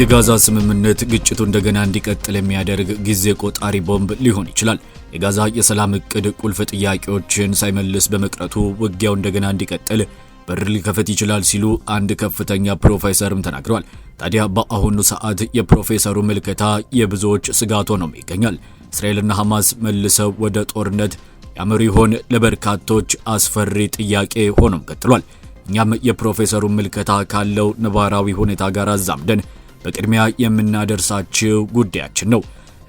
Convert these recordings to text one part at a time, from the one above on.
የጋዛ ስምምነት ግጭቱ እንደገና እንዲቀጥል የሚያደርግ ጊዜ ቆጣሪ ቦምብ ሊሆን ይችላል። የጋዛ የሰላም እቅድ ቁልፍ ጥያቄዎችን ሳይመልስ በመቅረቱ ውጊያው እንደገና እንዲቀጥል በር ሊከፈት ይችላል ሲሉ አንድ ከፍተኛ ፕሮፌሰርም ተናግረዋል። ታዲያ በአሁኑ ሰዓት የፕሮፌሰሩ ምልከታ የብዙዎች ስጋት ሆኖም ይገኛል። እስራኤልና ሐማስ መልሰው ወደ ጦርነት ያመሩ ይሆን? ለበርካቶች አስፈሪ ጥያቄ ሆኖም ቀጥሏል። እኛም የፕሮፌሰሩን ምልከታ ካለው ነባራዊ ሁኔታ ጋር አዛምደን በቅድሚያ የምናደርሳችው ጉዳያችን ነው።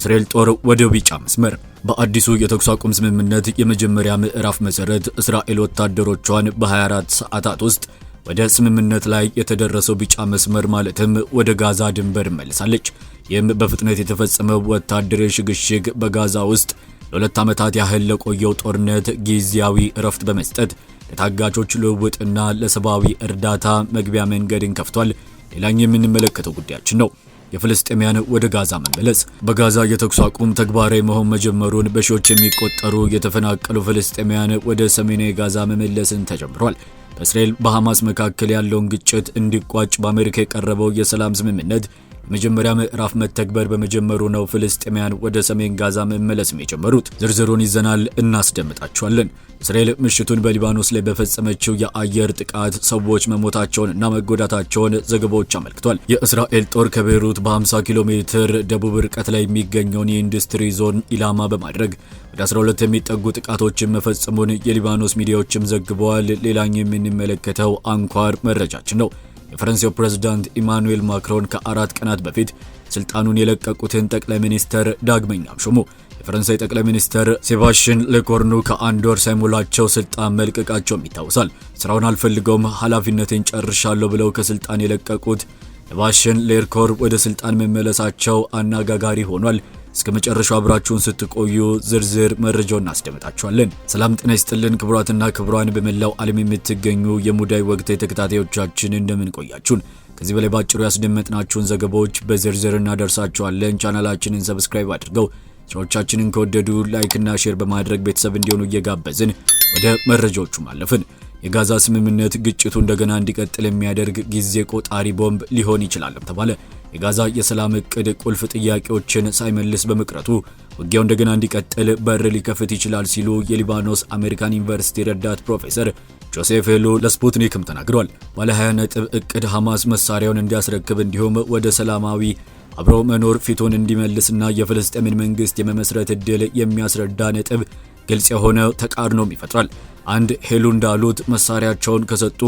እስራኤል ጦር ወደ ቢጫ መስመር በአዲሱ የተኩስ አቁም ስምምነት የመጀመሪያ ምዕራፍ መሰረት እስራኤል ወታደሮቿን በ24 ሰዓታት ውስጥ ወደ ስምምነት ላይ የተደረሰው ቢጫ መስመር ማለትም ወደ ጋዛ ድንበር መልሳለች። ይህም በፍጥነት የተፈጸመው ወታደራዊ ሽግሽግ በጋዛ ውስጥ ለሁለት ዓመታት ያህል ለቆየው ጦርነት ጊዜያዊ እረፍት በመስጠት ለታጋቾች ልውውጥና ለሰብአዊ እርዳታ መግቢያ መንገድን ከፍቷል። ሌላኛ የምንመለከተው ጉዳያችን ነው። የፍልስጤማውያን ወደ ጋዛ መመለስ። በጋዛ የተኩስ አቁም ተግባራዊ መሆን መጀመሩን በሺዎች የሚቆጠሩ የተፈናቀሉ ፍልስጤማውያን ወደ ሰሜናዊ ጋዛ መመለስን ተጀምሯል። በእስራኤል በሐማስ መካከል ያለውን ግጭት እንዲቋጭ በአሜሪካ የቀረበው የሰላም ስምምነት የመጀመሪያ ምዕራፍ መተግበር በመጀመሩ ነው ፍልስጤማያን ወደ ሰሜን ጋዛ መመለስም የጀመሩት። ዝርዝሩን ይዘናል እናስደምጣችኋለን። እስራኤል ምሽቱን በሊባኖስ ላይ በፈጸመችው የአየር ጥቃት ሰዎች መሞታቸውን እና መጎዳታቸውን ዘገባዎች አመልክቷል። የእስራኤል ጦር ከቤይሩት በ50 ኪሎ ሜትር ደቡብ ርቀት ላይ የሚገኘውን የኢንዱስትሪ ዞን ኢላማ በማድረግ ወደ 12 የሚጠጉ ጥቃቶችን መፈጸሙን የሊባኖስ ሚዲያዎችም ዘግበዋል። ሌላኛው የምንመለከተው አንኳር መረጃችን ነው። የፈረንሳዩ ፕሬዝዳንት ኢማኑኤል ማክሮን ከአራት ቀናት በፊት ስልጣኑን የለቀቁትን ጠቅላይ ሚኒስተር ዳግመኛም ሾሙ። የፈረንሳይ ጠቅላይ ሚኒስተር ሴባስቲያን ሌኮርኑ ከአንድ ወር ሳይሞላቸው ስልጣን መልቀቃቸውም ይታወሳል። ስራውን አልፈልገውም፣ ኃላፊነቴን ጨርሻለሁ ብለው ከስልጣን የለቀቁት ሴባስቲያን ሌኮር ወደ ስልጣን መመለሳቸው አነጋጋሪ ሆኗል። እስከ መጨረሻው አብራችሁን ስትቆዩ ዝርዝር መረጃው እናስደምጣችኋለን። ሰላም ጤና ይስጥልን ክቡራትና ክቡራን፣ በመላው ዓለም የምትገኙ የሙዳይ ወቅታዊ ተከታታዮቻችን እንደምን ቆያችሁን? ከዚህ በላይ ባጭሩ ያስደመጥናችሁን ዘገባዎች በዝርዝር እናደርሳችኋለን። ቻናላችንን ሰብስክራይብ አድርገው ስራዎቻችንን ከወደዱ ላይክና ሼር በማድረግ ቤተሰብ እንዲሆኑ እየጋበዝን ወደ መረጃዎቹ ማለፍን የጋዛ ስምምነት ግጭቱ እንደገና እንዲቀጥል የሚያደርግ ጊዜ ቆጣሪ ቦምብ ሊሆን ይችላል ተባለ። የጋዛ የሰላም እቅድ ቁልፍ ጥያቄዎችን ሳይመልስ በመቅረቱ ውጊያው እንደገና እንዲቀጥል በር ሊከፍት ይችላል ሲሉ የሊባኖስ አሜሪካን ዩኒቨርሲቲ ረዳት ፕሮፌሰር ጆሴፍ ሄሎ ለስፑትኒክም ተናግሯል። ባለ 20 ነጥብ እቅድ ሐማስ መሳሪያውን እንዲያስረክብ እንዲሁም ወደ ሰላማዊ አብሮ መኖር ፊቱን እንዲመልስና የፍልስጤምን መንግስት የመመስረት ዕድል የሚያስረዳ ነጥብ ግልጽ የሆነ ተቃርኖም ይፈጥራል። አንድ ሄሉ እንዳሉት መሳሪያቸውን ከሰጡ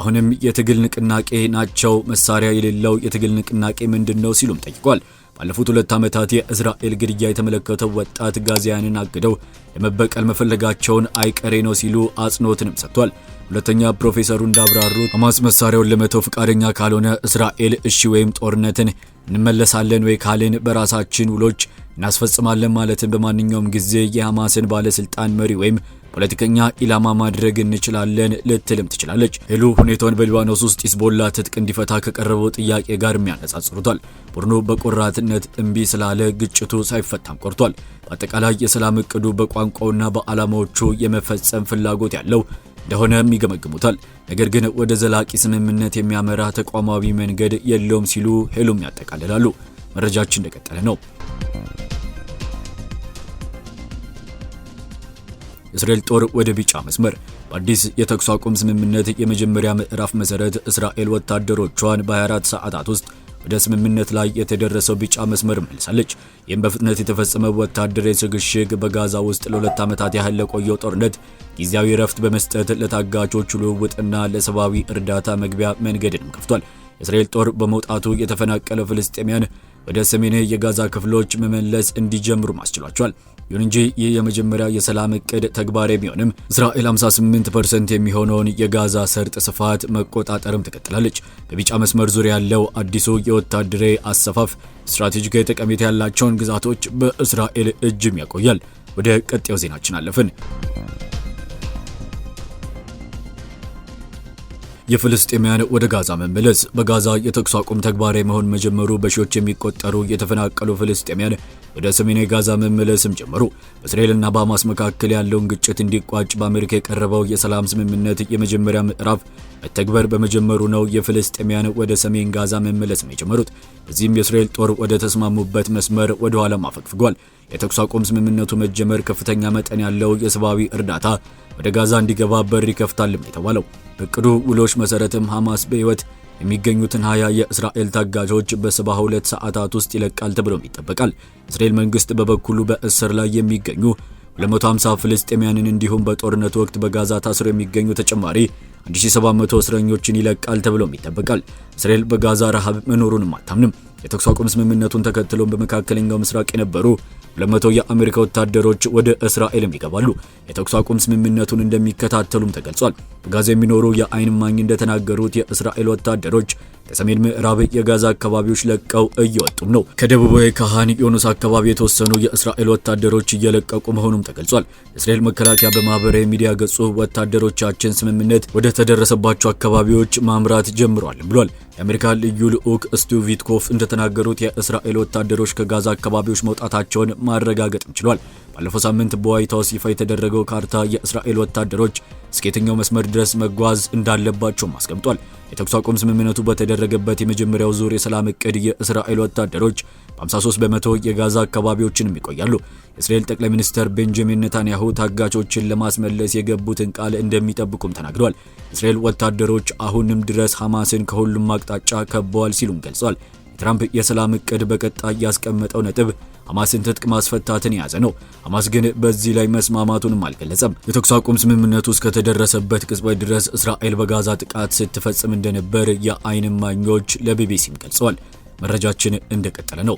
አሁንም የትግል ንቅናቄ ናቸው። መሳሪያ የሌለው የትግል ንቅናቄ ምንድን ነው ሲሉም ጠይቋል። ባለፉት ሁለት ዓመታት የእስራኤል ግድያ የተመለከተው ወጣት ጋዜያንን አግደው ለመበቀል መፈለጋቸውን አይቀሬ ነው ሲሉ አጽንኦትንም ሰጥቷል። ሁለተኛ ፕሮፌሰሩ እንዳብራሩት ሐማስ መሳሪያውን ለመተው ፈቃደኛ ካልሆነ እስራኤል እሺ ወይም ጦርነትን እንመለሳለን ወይ ካልን በራሳችን ውሎች እናስፈጽማለን ማለትን በማንኛውም ጊዜ የሐማስን ባለስልጣን መሪ ወይም ፖለቲከኛ ኢላማ ማድረግ እንችላለን ልትልም ትችላለች። ሄሉ ሁኔታውን በሊባኖስ ውስጥ ሂዝቦላ ትጥቅ እንዲፈታ ከቀረበው ጥያቄ ጋር የሚያነጻጽሩታል። ቡድኑ በቆራትነት እምቢ ስላለ ግጭቱ ሳይፈታም ቆርቷል። በአጠቃላይ የሰላም እቅዱ በቋንቋውና በዓላማዎቹ የመፈጸም ፍላጎት ያለው እንደሆነም ይገመግሙታል። ነገር ግን ወደ ዘላቂ ስምምነት የሚያመራ ተቋማዊ መንገድ የለውም ሲሉ ሄሉም ያጠቃልላሉ። መረጃችን እንደቀጠለ ነው። የእስራኤል ጦር ወደ ቢጫ መስመር በአዲስ የተኩስ አቁም ስምምነት የመጀመሪያ ምዕራፍ መሰረት እስራኤል ወታደሮቿን በ24 ሰዓታት ውስጥ ወደ ስምምነት ላይ የተደረሰው ቢጫ መስመር መልሳለች። ይህም በፍጥነት የተፈጸመ ወታደራዊ ሽግሽግ በጋዛ ውስጥ ለሁለት ዓመታት ያህል ለቆየው ጦርነት ጊዜያዊ ረፍት በመስጠት ለታጋቾች ልውውጥና ለሰብአዊ እርዳታ መግቢያ መንገድንም ከፍቷል። የእስራኤል ጦር በመውጣቱ የተፈናቀለ ፍልስጤሚያን ወደ ሰሜን የጋዛ ክፍሎች መመለስ እንዲጀምሩ ማስችሏቸዋል። ይሁን እንጂ ይህ የመጀመሪያ የሰላም እቅድ ተግባራዊ ቢሆንም እስራኤል 58% የሚሆነውን የጋዛ ሰርጥ ስፋት መቆጣጠርም ትቀጥላለች። በቢጫ መስመር ዙሪያ ያለው አዲሱ የወታደራዊ አሰፋፍ ስትራቴጂካዊ ጠቀሜታ ያላቸውን ግዛቶች በእስራኤል እጅም ያቆያል። ወደ ቀጣዩ ዜናችን አለፍን። የፍልስጤማውያን ወደ ጋዛ መመለስ። በጋዛ የተኩስ አቁም ተግባራዊ መሆን መጀመሩ በሺዎች የሚቆጠሩ የተፈናቀሉ ፍልስጤማውያን ወደ ሰሜናዊ ጋዛ መመለስም ጀመሩ። በእስራኤልና በሐማስ መካከል ያለውን ግጭት እንዲቋጭ በአሜሪካ የቀረበው የሰላም ስምምነት የመጀመሪያ ምዕራፍ መተግበር በመጀመሩ ነው የፍልስጤማውያን ወደ ሰሜን ጋዛ መመለስም የጀመሩት። በዚህም የእስራኤል ጦር ወደ ተስማሙበት መስመር ወደ ኋላም አፈግፍጓል። የተኩስ አቁም ስምምነቱ መጀመር ከፍተኛ መጠን ያለው የሰብአዊ እርዳታ ወደ ጋዛ እንዲገባ በር ይከፍታልም የተባለው በቅዱ ውሎች መሰረትም ሐማስ በሕይወት የሚገኙትን 20 የእስራኤል ታጋቾች በ72 ሰዓታት ውስጥ ይለቃል ተብሎም ይጠበቃል። እስራኤል መንግስት በበኩሉ በእስር ላይ የሚገኙ 250 ፍልስጤማያንን እንዲሁም በጦርነት ወቅት በጋዛ ታስረው የሚገኙ ተጨማሪ 1700 እስረኞችን ይለቃል ተብሎም ይጠበቃል። እስራኤል በጋዛ ረሃብ መኖሩንም አታምንም። የተኩስ አቁም ስምምነቱን ተከትሎም በመካከለኛው ምስራቅ የነበሩ 200 የአሜሪካ ወታደሮች ወደ እስራኤልም ይገባሉ። የተኩስ አቁም ስምምነቱን እንደሚከታተሉም ተገልጿል። በጋዛ የሚኖሩ የአይን ማኝ እንደተናገሩት የእስራኤል ወታደሮች ከሰሜን ምዕራብ የጋዛ አካባቢዎች ለቀው እየወጡም ነው። ከደቡባዊ ካሃን ዮኑስ አካባቢ የተወሰኑ የእስራኤል ወታደሮች እየለቀቁ መሆኑም ተገልጿል። የእስራኤል መከላከያ በማህበራዊ ሚዲያ ገጹ ወታደሮቻችን ስምምነት ወደ ተደረሰባቸው አካባቢዎች ማምራት ጀምሯል ብሏል። የአሜሪካ ልዩ ልዑክ ስቲቭ ቪትኮፍ እንደተናገሩት የእስራኤል ወታደሮች ከጋዛ አካባቢዎች መውጣታቸውን ማረጋገጥም ችሏል። ባለፈው ሳምንት በዋይት ሀውስ ይፋ የተደረገው ካርታ የእስራኤል ወታደሮች እስከየትኛው መስመር ድረስ መጓዝ እንዳለባቸውም አስቀምጧል። የተኩስ አቁም ስምምነቱ በተደረገበት የመጀመሪያው ዙር የሰላም እቅድ የእስራኤል ወታደሮች በ53 በመቶ የጋዛ አካባቢዎችንም ይቆያሉ። የእስራኤል ጠቅላይ ሚኒስትር ቤንጃሚን ኔታንያሁ ታጋቾችን ለማስመለስ የገቡትን ቃል እንደሚጠብቁም ተናግረዋል። እስራኤል ወታደሮች አሁንም ድረስ ሐማስን ከሁሉም አቅጣጫ ከበዋል ሲሉም ገልጸዋል። የትራምፕ የሰላም እቅድ በቀጣይ ያስቀመጠው ነጥብ ሐማስን ትጥቅ ማስፈታትን የያዘ ነው። ሐማስ ግን በዚህ ላይ መስማማቱንም አልገለጸም። የተኩስ አቁም ስምምነቱ እስከተደረሰበት ቅጽበት ድረስ እስራኤል በጋዛ ጥቃት ስትፈጽም እንደነበር የአይን ማኞች ለቢቢሲም ገልጸዋል። መረጃችን እንደቀጠለ ነው።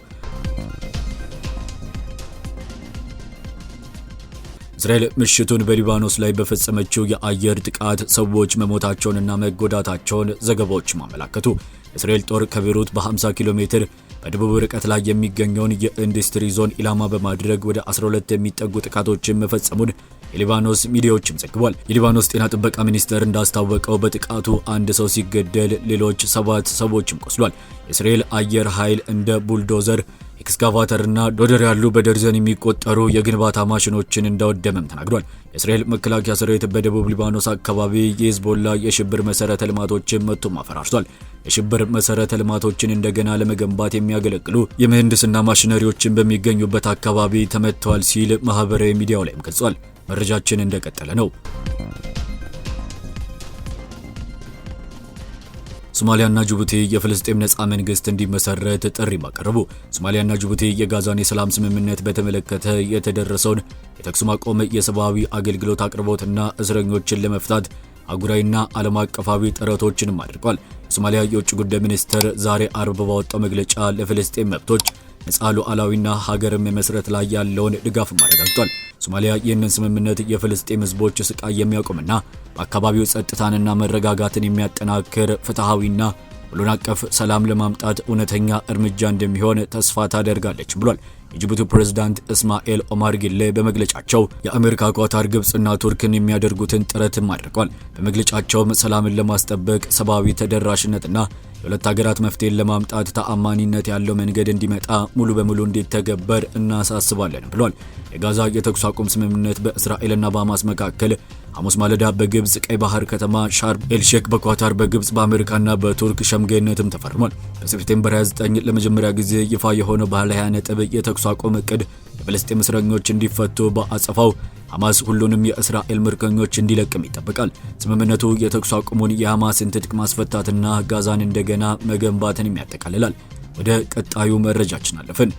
እስራኤል ምሽቱን በሊባኖስ ላይ በፈጸመችው የአየር ጥቃት ሰዎች መሞታቸውንና መጎዳታቸውን ዘገባዎች አመላከቱ። የእስራኤል ጦር ከቤሩት በ50 ኪሎ ሜትር በደቡብ ርቀት ላይ የሚገኘውን የኢንዱስትሪ ዞን ኢላማ በማድረግ ወደ 12 የሚጠጉ ጥቃቶችን መፈጸሙን የሊባኖስ ሚዲያዎችም ዘግቧል። የሊባኖስ ጤና ጥበቃ ሚኒስቴር እንዳስታወቀው በጥቃቱ አንድ ሰው ሲገደል ሌሎች ሰባት ሰዎችም ቆስሏል። የእስራኤል አየር ኃይል እንደ ቡልዶዘር ኤክስካቫተርና ዶደር ያሉ በደርዘን የሚቆጠሩ የግንባታ ማሽኖችን እንዳወደመም ተናግሯል። የእስራኤል መከላከያ ሰራዊት በደቡብ ሊባኖስ አካባቢ የሂዝቦላ የሽብር መሠረተ ልማቶችን መጥቶም አፈራርሷል። የሽብር መሰረተ ልማቶችን እንደገና ለመገንባት የሚያገለግሉ የምህንድስና ማሽነሪዎችን በሚገኙበት አካባቢ ተመትተዋል ሲል ማህበራዊ ሚዲያው ላይም ገልጿል። መረጃችን እንደቀጠለ ነው። ሶማሊያና ጅቡቲ የፍልስጤም ነፃ መንግስት እንዲመሰረት ጥሪ ማቀረቡ። ሶማሊያና ጅቡቲ የጋዛን የሰላም ስምምነት በተመለከተ የተደረሰውን የተኩስ ማቆም የሰብአዊ አገልግሎት አቅርቦትና እስረኞችን ለመፍታት አጉራዊና ዓለም አቀፋዊ ጥረቶችንም አድርጓል። የሶማሊያ የውጭ ጉዳይ ሚኒስትር ዛሬ አርብ ባወጣው መግለጫ ለፍልስጤን መብቶች ነጻ ሉዓላዊና ሀገርም መመስረት ላይ ያለውን ድጋፍም አረጋግጧል። ሶማሊያ ይህንን ስምምነት የፍልስጤም ህዝቦች ስቃይ የሚያቆምና በአካባቢው ጸጥታንና መረጋጋትን የሚያጠናክር ፍትሐዊና ሁሉን አቀፍ ሰላም ለማምጣት እውነተኛ እርምጃ እንደሚሆን ተስፋ ታደርጋለች ብሏል። የጅቡቲ ፕሬዝዳንት እስማኤል ኦማር ጊሌ በመግለጫቸው የአሜሪካ፣ ኳታር፣ ግብፅና ቱርክን የሚያደርጉትን ጥረትም አድርጓል። በመግለጫቸውም ሰላምን ለማስጠበቅ ሰብአዊ ተደራሽነትና የሁለት ሀገራት መፍትሄን ለማምጣት ተአማኒነት ያለው መንገድ እንዲመጣ ሙሉ በሙሉ እንዲተገበር እናሳስባለን ብሏል። የጋዛ የተኩስ አቁም ስምምነት በእስራኤልና በሐማስ መካከል ሐሙስ ማለዳ በግብፅ ቀይ ባህር ከተማ ሻርም ኤልሼክ በኳታር በግብፅ በአሜሪካና በቱርክ ሸምጋይነትም ተፈርሟል። በሴፕቴምበር 29 ለመጀመሪያ ጊዜ ይፋ የሆነው ባለ 20 ነጥብ የተኩስ አቁም እቅድ የፍልስጤም እስረኞች እንዲፈቱ በአጸፋው ሐማስ ሁሉንም የእስራኤል ምርኮኞች እንዲለቅም ይጠበቃል። ስምምነቱ የተኩስ አቁሙን የሐማስን ትጥቅ ማስፈታትና ጋዛን እንደገና መገንባትን ያጠቃልላል። ወደ ቀጣዩ መረጃችን አለፍን።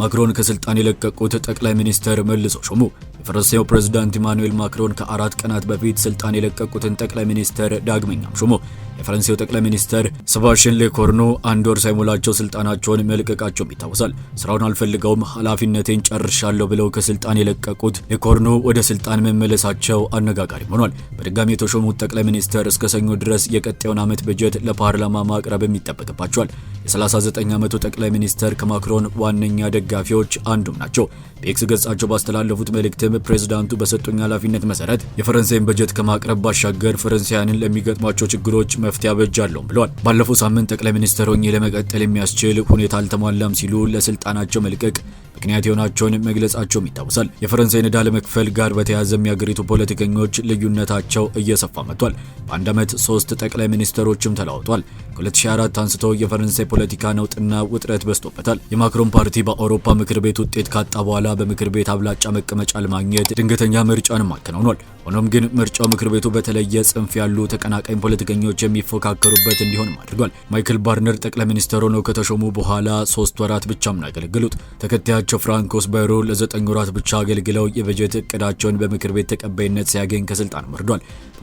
ማክሮን ከስልጣን የለቀቁት ጠቅላይ ሚኒስትር መልሶ ሾሙ። የፈረንሳዩ ፕሬዝዳንት ኢማኑኤል ማክሮን ከአራት ቀናት በፊት ስልጣን የለቀቁትን ጠቅላይ ሚኒስተር ዳግመኛም ሾሙ። የፈረንሳዩ ጠቅላይ ሚኒስትር ሰባሽን ሌኮርኖ አንድ ወር ሳይሞላቸው ስልጣናቸውን መልቀቃቸውም ይታወሳል። ስራውን አልፈልገውም፣ ኃላፊነቴን ጨርሻለሁ ብለው ከስልጣን የለቀቁት ሌኮርኖ ወደ ስልጣን መመለሳቸው አነጋጋሪም ሆኗል። በድጋሚ የተሾሙት ጠቅላይ ሚኒስትር እስከ ሰኞ ድረስ የቀጣዩን ዓመት በጀት ለፓርላማ ማቅረብም ይጠበቅባቸዋል። የ39 ዓመቱ ጠቅላይ ሚኒስትር ከማክሮን ዋነኛ ደጋፊዎች አንዱም ናቸው። በኤክስ ገጻቸው ባስተላለፉት መልእክትም ፕሬዝዳንቱ በሰጡኝ ኃላፊነት መሰረት የፈረንሳይን በጀት ከማቅረብ ባሻገር ፈረንሳያንን ለሚገጥሟቸው ችግሮች መፍትሄ አበጃለሁም ብለዋል። ባለፈው ሳምንት ጠቅላይ ሚኒስትር ሆኜ ለመቀጠል የሚያስችል ሁኔታ አልተሟላም ሲሉ ለስልጣናቸው መልቀቅ ምክንያት የሆናቸውን መግለጻቸውም ይታወሳል። የፈረንሳይን ዕዳ ለመክፈል ጋር በተያያዘም የአገሪቱ ፖለቲከኞች ልዩነታቸው እየሰፋ መጥቷል። በአንድ ዓመት ሶስት ጠቅላይ ሚኒስትሮችም ተለዋውጧል። ከ2004 አንስቶ የፈረንሳይ ፖለቲካ ነውጥና ውጥረት በዝቶበታል። የማክሮን ፓርቲ በአውሮፓ ምክር ቤት ውጤት ካጣ በኋላ በምክር ቤት አብላጫ መቀመጫ ለማግኘት ድንገተኛ ምርጫንም አከናውኗል። ሆኖም ግን ምርጫው ምክር ቤቱ በተለየ ጽንፍ ያሉ ተቀናቃኝ ፖለቲከኞች የሚፎካከሩበት እንዲሆንም አድርጓል። ማይክል ባርነር ጠቅላይ ሚኒስትር ሆነው ከተሾሙ በኋላ ሶስት ወራት ብቻም ነው ያገለገሉት። ተከታያ ፓፓቸው ፍራንኮስ በሮ ለዘጠኝ ወራት ብቻ አገልግለው የበጀት እቅዳቸውን በምክር ቤት ተቀባይነት ሲያገኝ ከስልጣን ወርዷል።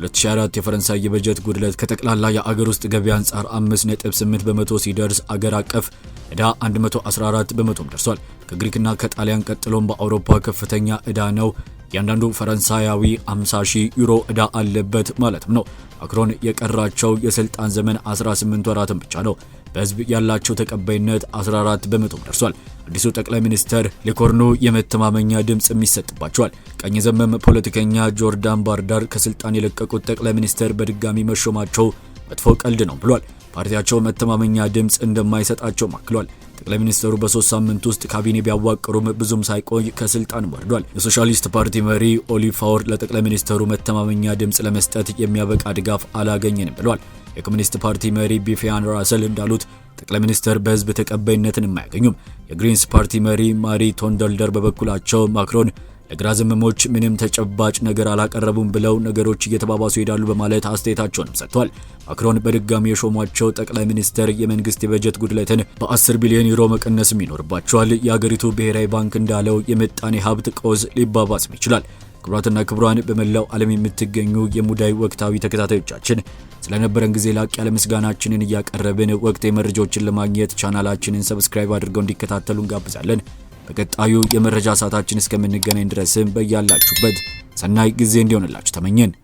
2024 የፈረንሳይ የበጀት ጉድለት ከጠቅላላ የአገር ውስጥ ገቢ አንጻር 5.8 በመቶ ሲደርስ አገር አቀፍ ዕዳ 114 በመቶም ደርሷል። ከግሪክና ከጣሊያን ቀጥሎም በአውሮፓ ከፍተኛ ዕዳ ነው። እያንዳንዱ ፈረንሳያዊ 50 ሺህ ዩሮ ዕዳ አለበት ማለትም ነው። ማክሮን የቀራቸው የስልጣን ዘመን 18 ወራትን ብቻ ነው። በህዝብ ያላቸው ተቀባይነት 14 በመቶ ደርሷል። አዲሱ ጠቅላይ ሚኒስትር ለኮርኖ የመተማመኛ ድምፅ የሚሰጥባቸዋል። ቀኝ ዘመም ፖለቲከኛ ጆርዳን ባርዳር ከስልጣን የለቀቁት ጠቅላይ ሚኒስትር በድጋሚ መሾማቸው መጥፎ ቀልድ ነው ብሏል። ፓርቲያቸው መተማመኛ ድምፅ እንደማይሰጣቸው አክሏል። ጠቅላይ ሚኒስትሩ በሶስት ሳምንት ውስጥ ካቢኔ ቢያዋቅሩም ብዙም ሳይቆይ ከስልጣን ወርዷል። የሶሻሊስት ፓርቲ መሪ ኦሊቭ ፋወር ለጠቅላይ ሚኒስትሩ መተማመኛ ድምፅ ለመስጠት የሚያበቃ ድጋፍ አላገኘንም ብሏል። የኮሚኒስት ፓርቲ መሪ ቢፊያን ራሰል እንዳሉት ጠቅላይ ሚኒስትር በህዝብ ተቀባይነትን የማያገኙም። የግሪንስ ፓርቲ መሪ ማሪ ቶንደልደር በበኩላቸው ማክሮን ለግራ ዘመሞች ምንም ተጨባጭ ነገር አላቀረቡም ብለው ነገሮች እየተባባሱ ይሄዳሉ በማለት አስተያየታቸውንም ሰጥቷል። ማክሮን በድጋሚ የሾሟቸው ጠቅላይ ሚኒስትር የመንግስት የበጀት ጉድለትን በ10 ቢሊዮን ዩሮ መቀነስም ይኖርባቸዋል። የአገሪቱ ብሔራዊ ባንክ እንዳለው የምጣኔ ሀብት ቀውስ ሊባባስም ይችላል። ክቡራትና ክቡራን በመላው ዓለም የምትገኙ የሙዳይ ወቅታዊ ተከታታዮቻችን ስለነበረን ጊዜ ላቅ ያለ ምስጋናችንን እያቀረብን ወቅታዊ መረጃዎችን ለማግኘት ቻናላችንን ሰብስክራይብ አድርገው እንዲከታተሉ እንጋብዛለን። በቀጣዩ የመረጃ ሰዓታችን እስከምንገናኝ ድረስም በያላችሁበት ሰናይ ጊዜ እንዲሆንላችሁ ተመኘን።